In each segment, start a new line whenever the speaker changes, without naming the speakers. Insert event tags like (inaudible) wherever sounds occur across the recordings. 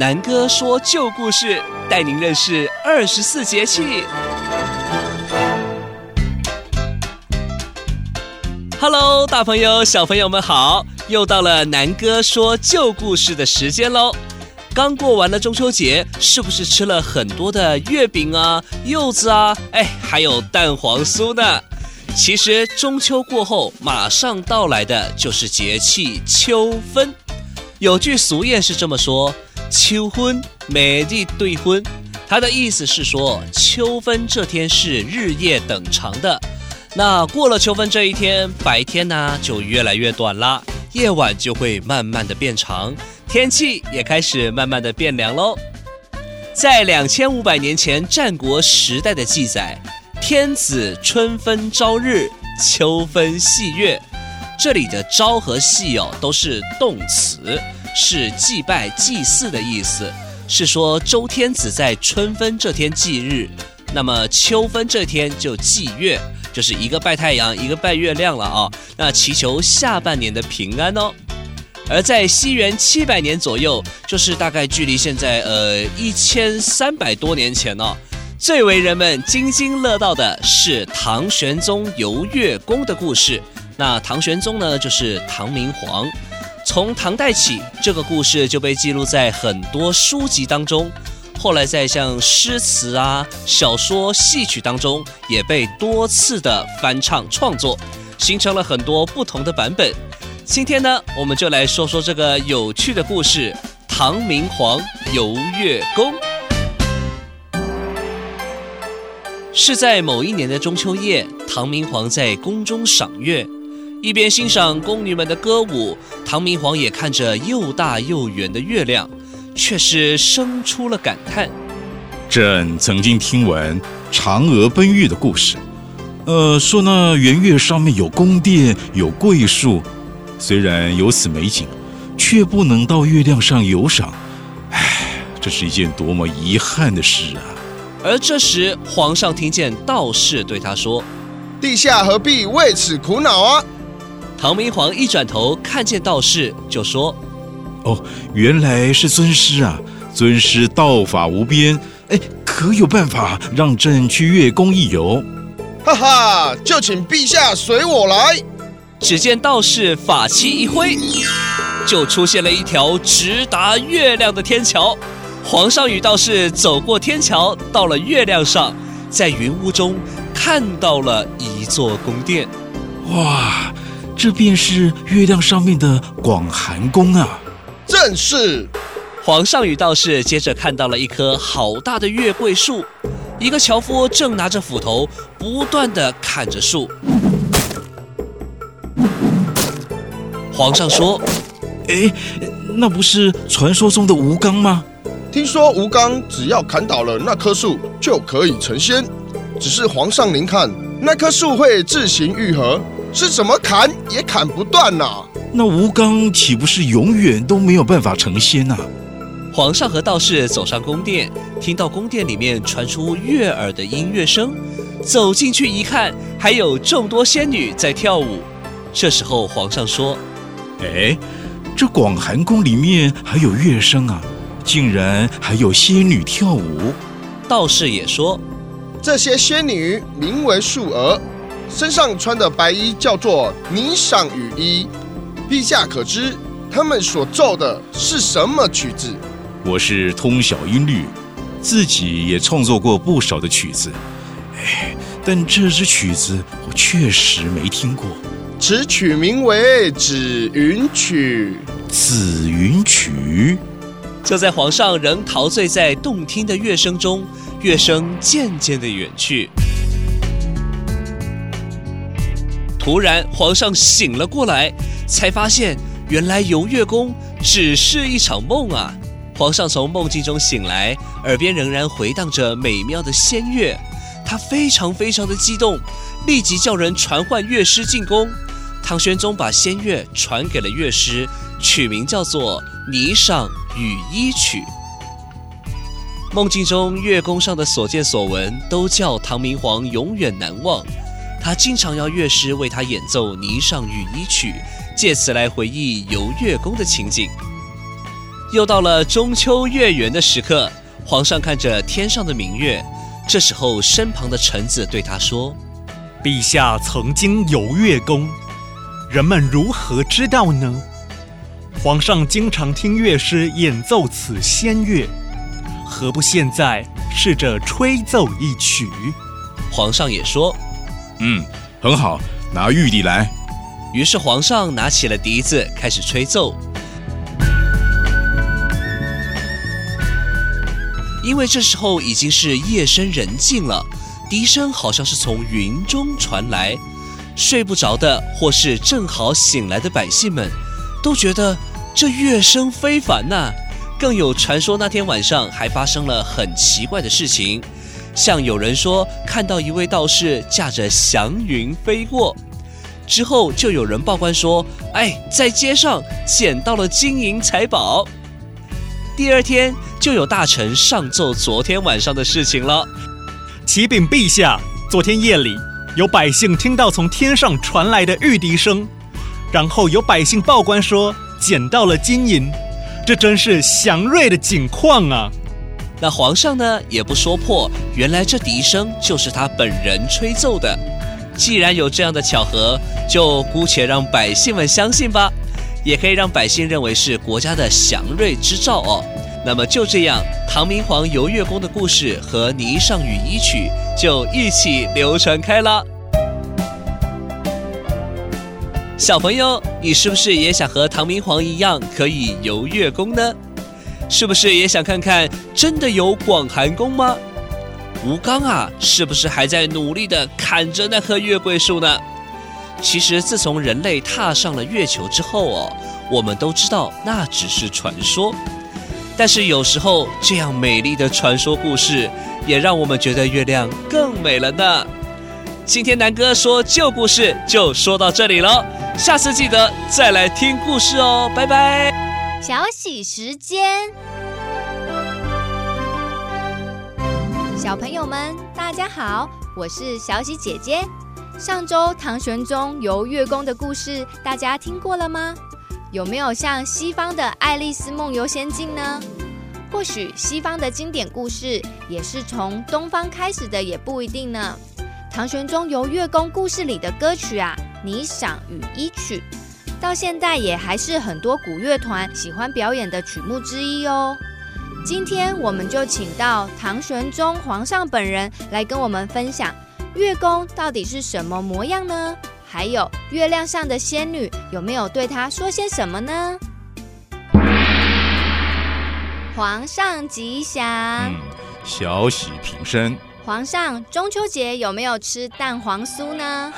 南哥說舊故事，帶您認識二十四節氣。Hello，大朋友小朋友們好，又到了南哥說舊故事的時間嘍。剛過完了中秋節，是不是吃了很多的月餅啊、柚子啊？哎，還有蛋黃酥呢。其實中秋過後，馬上到來的就是節氣秋分。有句俗諺是這麼說。秋分，每日對分。它的意思是說，秋分這天是日夜等長的。那過了秋分這一天，白天呢就越來越短啦，夜晚就會慢慢的變長，天氣也開始慢慢的變涼嘍。在兩千五百年前戰國時代的記載，天子春分朝日，秋分夕月，這裡的朝和夕哦都是動詞。是祭拜祭祀的意思，是說周天子在春分這天祭日，那麼秋分這天就祭月，就是一個拜太陽，一個拜月亮了啊、哦。那祈求下半年的平安哦。而在西元七百年左右，就是大概距離現在呃一千三百多年前呢、哦。最為人們津津樂道的是唐玄宗遊月宮的故事。那唐玄宗呢，就是唐明皇。從唐代起，這個故事就被記錄在很多書籍當中，後來在像詩詞啊、小說、戲曲當中也被多次的翻唱創作，形成了很多不同的版本。今天呢，我們就來說說這個有趣的故事：唐明皇遊月宮。是在某一年的中秋夜，唐明皇在宮中賞月。一邊欣賞宮女們的歌舞，唐明皇也看着又大又圓的月亮，卻是生出了感嘆。
朕曾經聽聞嫦娥奔月的故事，呃，說那圓月上面有宮殿，有桂樹，雖然有此美景，卻不能到月亮上遊賞。唉，這是一件多麼遺憾的事啊！
而這時，皇上聽見道士對他說：“陛下何必為此苦惱啊？”唐明皇一轉頭，看見道士就說：“
哦，原來是尊師啊！尊師道法無邊，哎，可有辦法讓朕去月宮一遊？”
哈哈，就請陛下隨我來。只見道士法器一揮，就出現了一條直達月亮的天橋。皇上與道士走過天橋，到了月亮上，在雲霧中看到了一座宮殿。
哇！
這便是月亮上面的廣寒宮啊！
正是。皇上與道士接着看到了一棵好大的月桂樹，一個樵夫正拿着斧頭不斷地砍着樹。皇上說：“
誒，那不是傳說中
的吳剛嗎？聽說吳剛只要砍倒了那棵樹就可以成仙，只是皇上您看，那棵樹會自行癒合。”是怎麼砍也砍不斷
呢、啊？那吳剛豈不是永遠都沒有辦法成仙吶、啊？
皇上和道士走上宮殿，聽到宮殿裡面傳出悅耳的音樂聲，走進去一看，還有眾多仙女在跳舞。這時候皇上說：“哎，
這廣寒宮裡面還有樂聲啊，竟然還有仙女跳舞。”
道士也說：“這些仙女名為素娥。”身上穿的白衣叫做霓裳羽衣，陛下可知他們所奏的是什麼曲子？
我是通曉音律，自己也創作過不少的曲子，唉，但這支曲子我確實沒聽過。此曲
名為《紫雲曲》。
紫雲曲。
就在皇上仍陶醉在動聽的樂聲中，樂聲漸漸地遠去。突然，皇上醒了過來，才發現原來遊月宮只是一場夢啊！皇上從夢境中醒來，耳邊仍然回盪着美妙的仙樂，他非常非常的激動，立即叫人傳喚樂師進宮。唐玄宗把仙樂傳給了樂師，取名叫做《霓裳羽衣曲》。夢境中月宮上的所見所聞，都叫唐明皇永遠難忘。他經常要樂師為他演奏《霓裳羽衣曲》，借此來回憶遊月宮的情景。又到了中秋月圓的時刻，皇上看着天上的明月，這時候身旁的臣子對他說：“陛下曾經遊月宮，
人們如何知道呢？”皇上經常聽樂師演奏此仙樂，何不現在試着吹奏一曲？
皇上也說。
嗯，很好，拿玉笛來。
於是皇上拿起了笛子，開始吹奏。因為這時候已經是夜深人靜了，笛聲好像是從雲中傳來。睡不着的或是正好醒來的百姓們，都覺得這樂聲非凡吶、啊。更有傳說，那天晚上還發生了很奇怪的事情。像有人說看到一位道士駕着祥雲飛過，之後就有人報官說：“哎，在街上撿到了金銀財寶。”第二天就有大臣上奏昨天晚上的事情了：“啟禀
陛下，昨天夜裡有百姓聽到從天上傳來的玉笛聲，然後有百姓報官說撿到了金銀，這真是祥
瑞的景況啊。”那皇上呢，也不說破，原來這笛聲就是他本人吹奏的。既然有這樣的巧合，就姑且讓百姓們相信吧，也可以讓百姓認為是國家的祥瑞之兆哦。那麼就這樣，唐明皇遊月宮的故事和《霓裳羽衣曲》就一起流傳開了。小朋友，你是不是也想和唐明皇一樣可以遊月宮呢？是不是也想看看真的有廣寒宮嗎？吳剛啊，是不是還在努力地砍着那棵月桂樹呢？其實自從人類踏上了月球之後哦，我們都知道那只是傳說。但是有時候這樣美麗的傳說故事，也讓我們覺得月亮更美了呢。今天南哥說舊故事就說到這裡嘍，下次記得再來聽故事哦，拜拜。
小喜時間，小朋友們，大家好，我是小喜姐姐。上週唐玄宗遊月宮的故事，大家聽過了嗎？有沒有像西方的《愛麗絲夢遊仙境》呢？或許西方的經典故事也是從東方開始的，也不一定呢。唐玄宗遊月宮故事裡的歌曲啊，《霓裳羽衣曲》。到現在也還是很多古樂團喜歡表演的曲目之一哦。今天我們就請到唐玄宗皇上本人來跟我們分享，月宮到底是什麼模樣呢？還有月亮上的仙女有沒有對他說些什麼呢？皇上吉祥。嗯，
小喜平身。
皇上，中秋節有沒有吃蛋黃酥呢？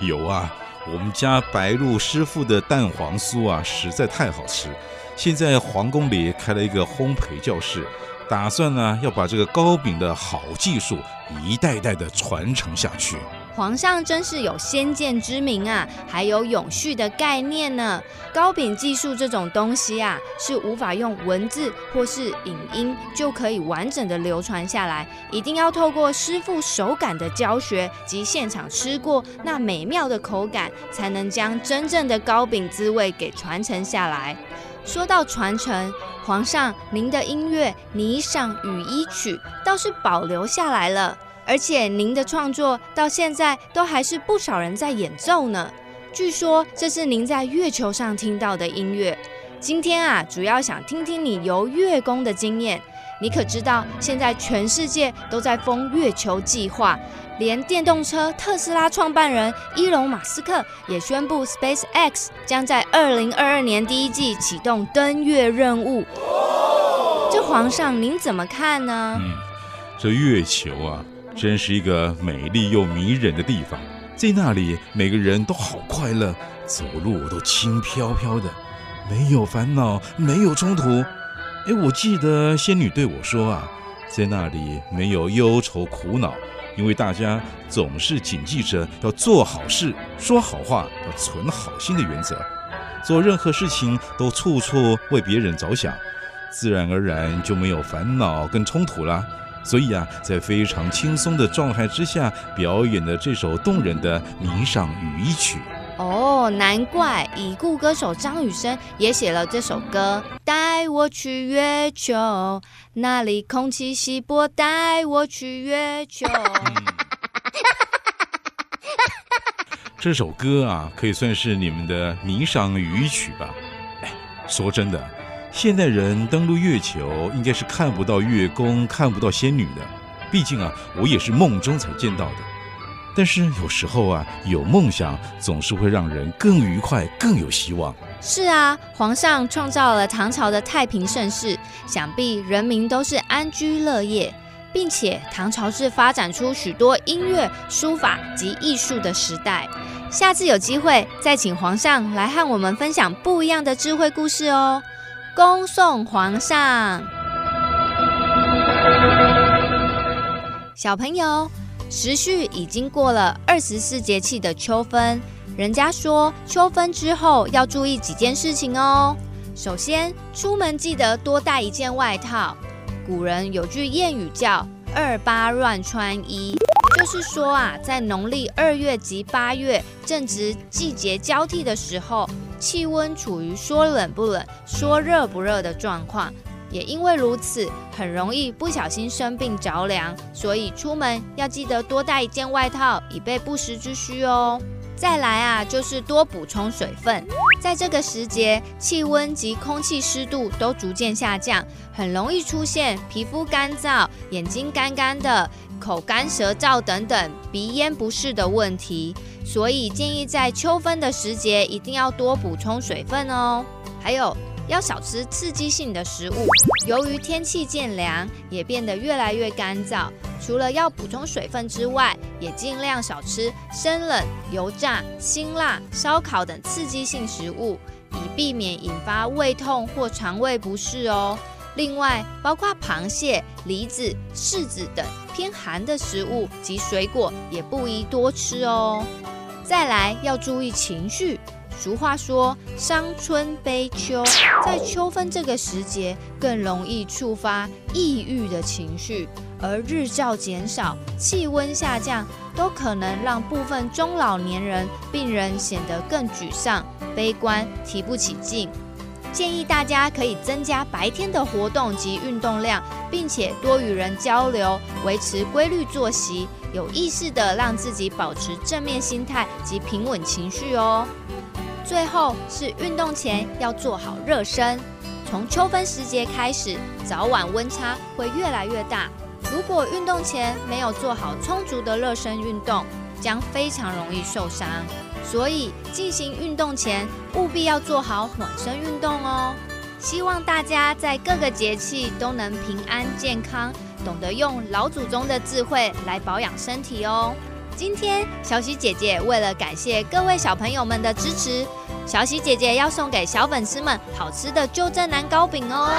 有啊。我們家白露師傅的蛋黃酥啊，實在太好吃。現在皇宮裡開了一個烘焙教室，打算呢，要把這個糕餅的好技術一代代的傳承下去。
皇上真是有先見之明啊，還有永續的概念呢。糕餅技術這種東西啊，是無法用文字或是影音就可以完整的流傳下來，一定要透過師傅手感的教學及現場吃過那美妙的口感，才能將真正的糕餅滋味給傳承下來。說到傳承，皇上您的音樂《霓裳羽衣曲》倒是保留下來了。而且您的創作到現在都還是不少人在演奏呢。據說這是您在月球上聽到的音樂。今天啊，主要想聽聽你遊月宮的經驗。你可知道，現在全世界都在封月球計劃，連電動車特斯拉創辦人伊隆·馬斯克也宣布，SpaceX 將在2022年第一季啟動登月任務。這皇上您怎麼看呢？嗯，
這月球啊。真是一個美麗又迷人的地方，在那裡每個人都好快樂，走路都輕飄飄的，沒有煩惱，沒有衝突。哎，我記得仙女對我說啊，在那裡沒有憂愁苦惱，因為大家總是謹記着要做好事、說好話、要存好心的原則，做任何事情都處處為別人着想，自然而然就沒有煩惱跟衝突啦。所以啊，在非常輕鬆的狀態之下表演的這首動人的《霓裳羽衣曲》
哦，難怪已故歌手張雨生也寫了這首歌。帶我去月球，那裡空氣稀薄。帶我去月球，嗯、
(laughs) 這首歌啊，可以算是你們的《霓裳羽衣曲》吧？哎，說真的。現代人登陸月球，應該是看不到月宮、看不到仙女的。畢竟啊，我也是夢中才見到的。但是有時候啊，有夢想總是會讓人更愉快、更有希望。
是啊，皇上創造了唐朝的太平盛世，想必人民都是安居樂業，並且唐朝是發展出許多音樂、書法及藝術的時代。下次有機會再請皇上來和我們分享不一樣的智慧故事哦。恭送皇上。小朋友，時序已經過了二十四節氣的秋分，人家說秋分之後要注意幾件事情哦。首先，出門記得多帶一件外套。古人有句諺語叫“二八亂穿衣”，就是說啊，在農曆二月及八月正值季節交替的時候。氣溫處於說冷不冷、說熱不熱的狀況，也因為如此，很容易不小心生病着涼，所以出門要記得多帶一件外套，以備不時之需哦。再來啊，就是多補充水分。在這個時節，氣溫及空氣濕度都逐漸下降，很容易出現皮膚乾燥、眼睛乾乾的、口乾舌燥等等鼻咽不適的問題。所以建議在秋分的時節，一定要多補充水分哦。還有，要少吃刺激性的食物。由於天氣漸涼，也變得越來越乾燥，除了要補充水分之外，也盡量少吃生冷、油炸、辛辣、燒烤等刺激性食物，以避免引發胃痛或腸胃不適哦。另外，包括螃蟹、梨子、柿子等偏寒的食物及水果也不宜多吃哦。再來要注意情緒，俗話說“傷春悲秋”，在秋分這個時節更容易觸發抑鬱的情緒，而日照減少、氣溫下降，都可能讓部分中老年人、病人顯得更沮喪、悲觀，提不起勁。建議大家可以增加白天的活動及運動量，並且多與人交流，維持規律作息，有意識地讓自己保持正面心態及平穩情緒哦。最後是運動前要做好熱身。從秋分時節開始，早晚溫差會越來越大，如果運動前沒有做好充足的熱身運動，將非常容易受傷。所以進行運動前，務必要做好暖身運動哦。希望大家在各個節氣都能平安健康，懂得用老祖宗的智慧來保養身體哦。今天小喜姐姐為了感謝各位小朋友們的支持，小喜姐姐要送給小粉絲們好吃的舊振南糕餅哦。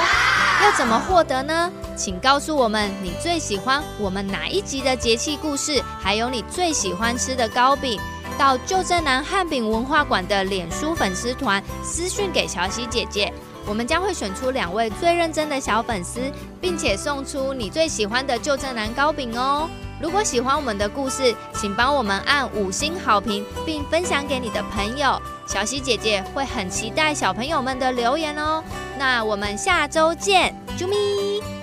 要怎麼獲得呢？請告訴我們你最喜歡我們哪一集的節氣故事，還有你最喜歡吃的糕餅。到舊鎮南漢餅文化館的臉書粉絲團私訊給小喜姐姐，我們將會選出兩位最認真的小粉絲，並且送出你最喜歡的舊鎮南糕餅哦。如果喜歡我們的故事，請幫我們按五星好評，並分享給你的朋友。小喜姐姐會很期待小朋友們的留言哦。那我們下周見，啾咪。